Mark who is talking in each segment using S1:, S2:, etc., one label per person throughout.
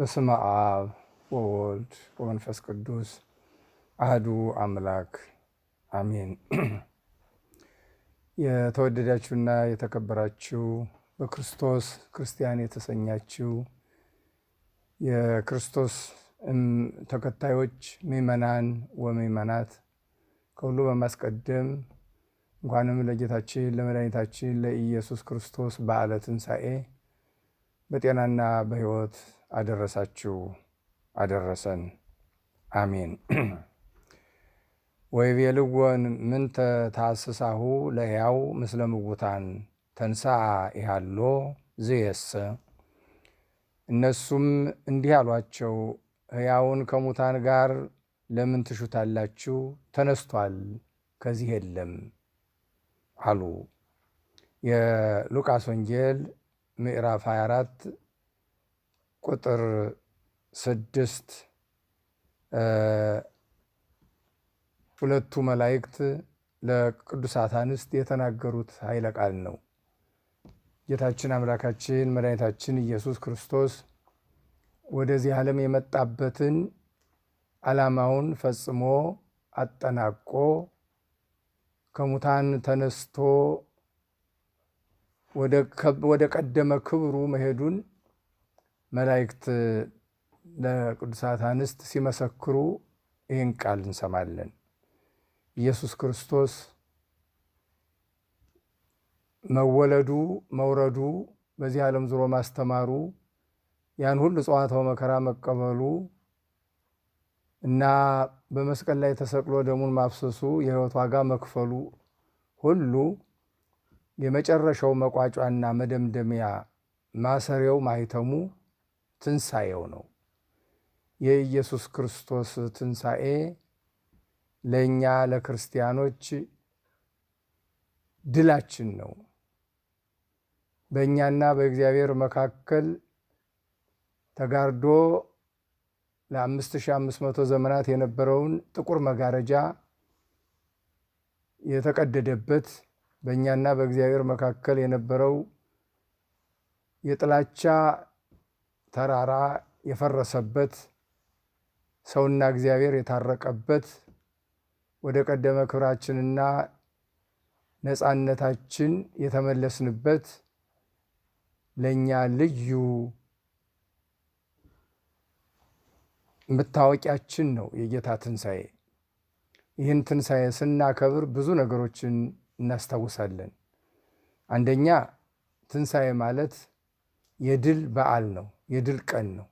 S1: በስመ አብ ወወልድ ወመንፈስ ቅዱስ አህዱ አምላክ አሜን። የተወደዳችሁና የተከበራችሁ በክርስቶስ ክርስቲያን የተሰኛችሁ የክርስቶስ ተከታዮች ምእመናን ወምዕመናት ከሁሉ በማስቀደም እንኳንም ለጌታችን ለመድኃኒታችን ለኢየሱስ ክርስቶስ በዓለ ትንሣኤ በጤናና በሕይወት አደረሳችሁ አደረሰን። አሜን። ወይቤልወን ምንተ ታስሳሁ ለሕያው ምስለ ምውታን ተንሥአ ይሃሎ ዝየስ እነሱም እንዲህ አሏቸው፣ ሕያውን ከሙታን ጋር ለምን ትሹታላችሁ? ተነስቷል፣ ከዚህ የለም አሉ። የሉቃስ ወንጌል ምዕራፍ 24 ቁጥር ስድስት ሁለቱ መላእክት ለቅዱሳት አንስት የተናገሩት ኃይለ ቃል ነው። ጌታችን አምላካችን መድኃኒታችን ኢየሱስ ክርስቶስ ወደዚህ ዓለም የመጣበትን ዓላማውን ፈጽሞ አጠናቆ ከሙታን ተነስቶ ወደ ቀደመ ክብሩ መሄዱን መላእክት ለቅዱሳት አንስት ሲመሰክሩ ይህን ቃል እንሰማለን። ኢየሱስ ክርስቶስ መወለዱ፣ መውረዱ፣ በዚህ ዓለም ዙሮ ማስተማሩ፣ ያን ሁሉ ጸዋታው መከራ መቀበሉ እና በመስቀል ላይ ተሰቅሎ ደሙን ማፍሰሱ የሕይወት ዋጋ መክፈሉ ሁሉ የመጨረሻው መቋጫና መደምደሚያ ማሰሪያው ማይተሙ። ትንሣኤው ነው። የኢየሱስ ክርስቶስ ትንሣኤ ለእኛ ለክርስቲያኖች ድላችን ነው። በእኛና በእግዚአብሔር መካከል ተጋርዶ ለ5500 ዘመናት የነበረውን ጥቁር መጋረጃ የተቀደደበት በእኛና በእግዚአብሔር መካከል የነበረው የጥላቻ ተራራ የፈረሰበት ሰውና እግዚአብሔር የታረቀበት ወደ ቀደመ ክብራችንና ነፃነታችን የተመለስንበት ለእኛ ልዩ መታወቂያችን ነው የጌታ ትንሣኤ። ይህን ትንሣኤ ስናከብር ብዙ ነገሮችን እናስታውሳለን። አንደኛ ትንሣኤ ማለት የድል በዓል ነው። የድል ቀን ነው።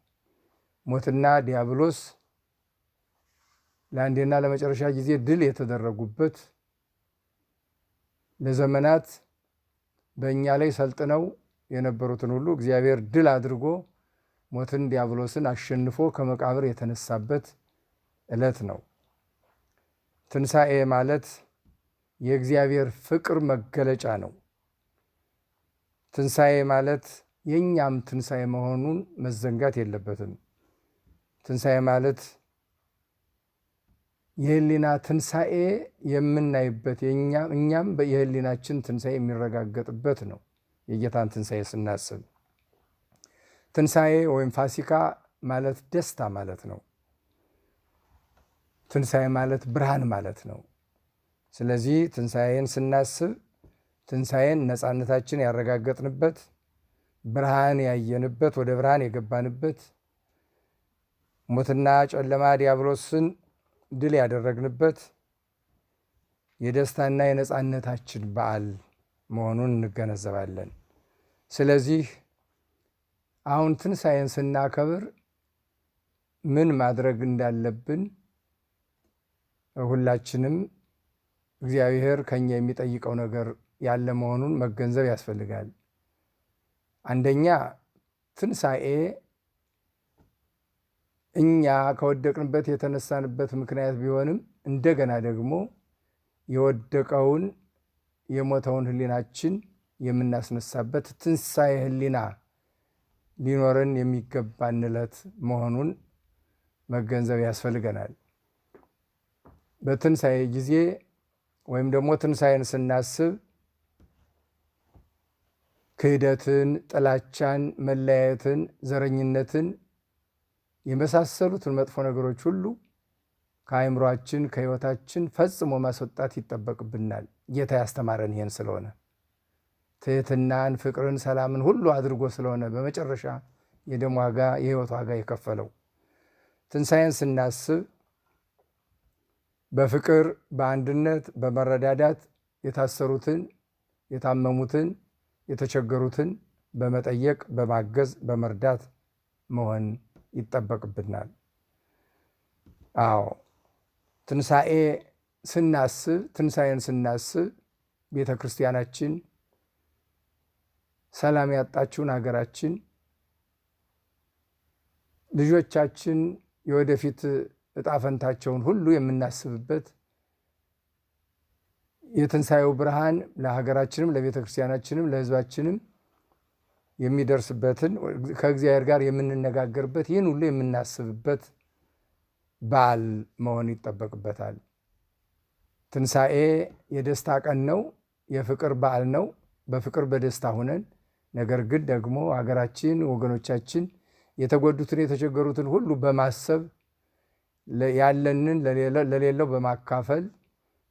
S1: ሞትና ዲያብሎስ ለአንዴና ለመጨረሻ ጊዜ ድል የተደረጉበት ለዘመናት በእኛ ላይ ሰልጥነው የነበሩትን ሁሉ እግዚአብሔር ድል አድርጎ ሞትን ዲያብሎስን አሸንፎ ከመቃብር የተነሳበት ዕለት ነው። ትንሣኤ ማለት የእግዚአብሔር ፍቅር መገለጫ ነው። ትንሣኤ ማለት የእኛም ትንሣኤ መሆኑን መዘንጋት የለበትም። ትንሣኤ ማለት የህሊና ትንሣኤ የምናይበት እኛም የህሊናችን ትንሣኤ የሚረጋገጥበት ነው። የጌታን ትንሣኤ ስናስብ ትንሣኤ ወይም ፋሲካ ማለት ደስታ ማለት ነው። ትንሣኤ ማለት ብርሃን ማለት ነው። ስለዚህ ትንሣኤን ስናስብ ትንሣኤን ነፃነታችን ያረጋገጥንበት ብርሃን ያየንበት ወደ ብርሃን የገባንበት ሞትና ጨለማ ዲያብሎስን ድል ያደረግንበት የደስታና የነፃነታችን በዓል መሆኑን እንገነዘባለን። ስለዚህ አሁን ትንሣኤን ስናከብር ምን ማድረግ እንዳለብን ሁላችንም እግዚአብሔር ከኛ የሚጠይቀው ነገር ያለ መሆኑን መገንዘብ ያስፈልጋል። አንደኛ ትንሣኤ እኛ ከወደቅንበት የተነሳንበት ምክንያት ቢሆንም እንደገና ደግሞ የወደቀውን የሞተውን ህሊናችን የምናስነሳበት ትንሣኤ ህሊና ሊኖረን የሚገባን ዕለት መሆኑን መገንዘብ ያስፈልገናል። በትንሣኤ ጊዜ ወይም ደግሞ ትንሣኤን ስናስብ ክህደትን፣ ጥላቻን፣ መለያየትን፣ ዘረኝነትን የመሳሰሉትን መጥፎ ነገሮች ሁሉ ከአይምሯችን ከህይወታችን ፈጽሞ ማስወጣት ይጠበቅብናል። ጌታ ያስተማረን ይህን ስለሆነ ትህትናን፣ ፍቅርን፣ ሰላምን ሁሉ አድርጎ ስለሆነ በመጨረሻ የደም ዋጋ የህይወት ዋጋ የከፈለው። ትንሣኤን ስናስብ በፍቅር በአንድነት በመረዳዳት የታሰሩትን የታመሙትን የተቸገሩትን በመጠየቅ በማገዝ በመርዳት መሆን ይጠበቅብናል። አዎ ትንሣኤ ስናስብ ትንሣኤን ስናስብ ቤተ ክርስቲያናችን ሰላም ያጣችውን ሀገራችን ልጆቻችን የወደፊት እጣፈንታቸውን ሁሉ የምናስብበት የትንሣኤው ብርሃን ለሀገራችንም ለቤተ ክርስቲያናችንም ለሕዝባችንም የሚደርስበትን ከእግዚአብሔር ጋር የምንነጋገርበት ይህን ሁሉ የምናስብበት በዓል መሆን ይጠበቅበታል። ትንሣኤ የደስታ ቀን ነው። የፍቅር በዓል ነው። በፍቅር በደስታ ሁነን ነገር ግን ደግሞ ሀገራችን፣ ወገኖቻችን የተጎዱትን የተቸገሩትን ሁሉ በማሰብ ያለንን ለሌለው በማካፈል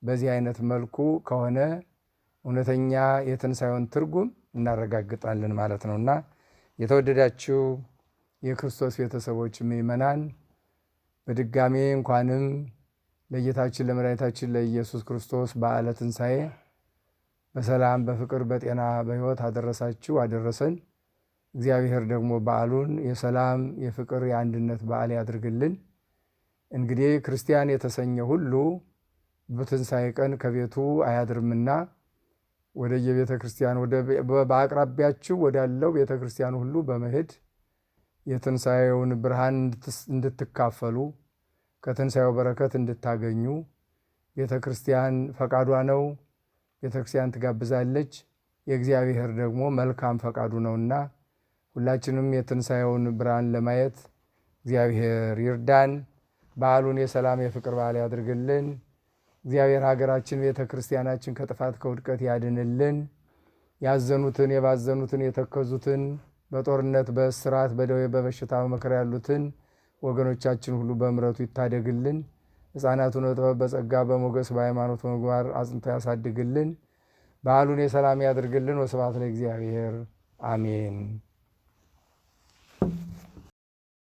S1: በዚህ አይነት መልኩ ከሆነ እውነተኛ የትንሣኤውን ትርጉም እናረጋግጣለን ማለት ነው እና የተወደዳችሁ የክርስቶስ ቤተሰቦች ምእመናን በድጋሜ እንኳንም ለጌታችን ለመድኃኒታችን ለኢየሱስ ክርስቶስ በዓለ ትንሣኤ በሰላም በፍቅር በጤና በሕይወት አደረሳችሁ አደረሰን። እግዚአብሔር ደግሞ በዓሉን የሰላም የፍቅር የአንድነት በዓል ያድርግልን። እንግዲህ ክርስቲያን የተሰኘ ሁሉ በትንሣኤ ቀን ከቤቱ አያድርምና የቤተ ክርስቲያን በአቅራቢያችሁ ወዳለው ቤተ ክርስቲያን ሁሉ በመሄድ የትንሣኤውን ብርሃን እንድትካፈሉ ከትንሣኤው በረከት እንድታገኙ ቤተ ክርስቲያን ፈቃዷ ነው። ቤተ ክርስቲያን ትጋብዛለች። የእግዚአብሔር ደግሞ መልካም ፈቃዱ ነውና ሁላችንም የትንሣኤውን ብርሃን ለማየት እግዚአብሔር ይርዳን። በዓሉን የሰላም የፍቅር በዓል ያድርግልን። እግዚአብሔር ሀገራችን ቤተ ክርስቲያናችን ከጥፋት ከውድቀት ያድንልን። ያዘኑትን፣ የባዘኑትን፣ የተከዙትን በጦርነት በስርዓት በደዌ በበሽታ መከራ ያሉትን ወገኖቻችን ሁሉ በምረቱ ይታደግልን። ሕፃናቱን በጥበብ በጸጋ በሞገስ በሃይማኖት መግባር አጽንቶ ያሳድግልን። በዓሉን የሰላም ያድርግልን። ወስብሐት ለእግዚአብሔር አሜን።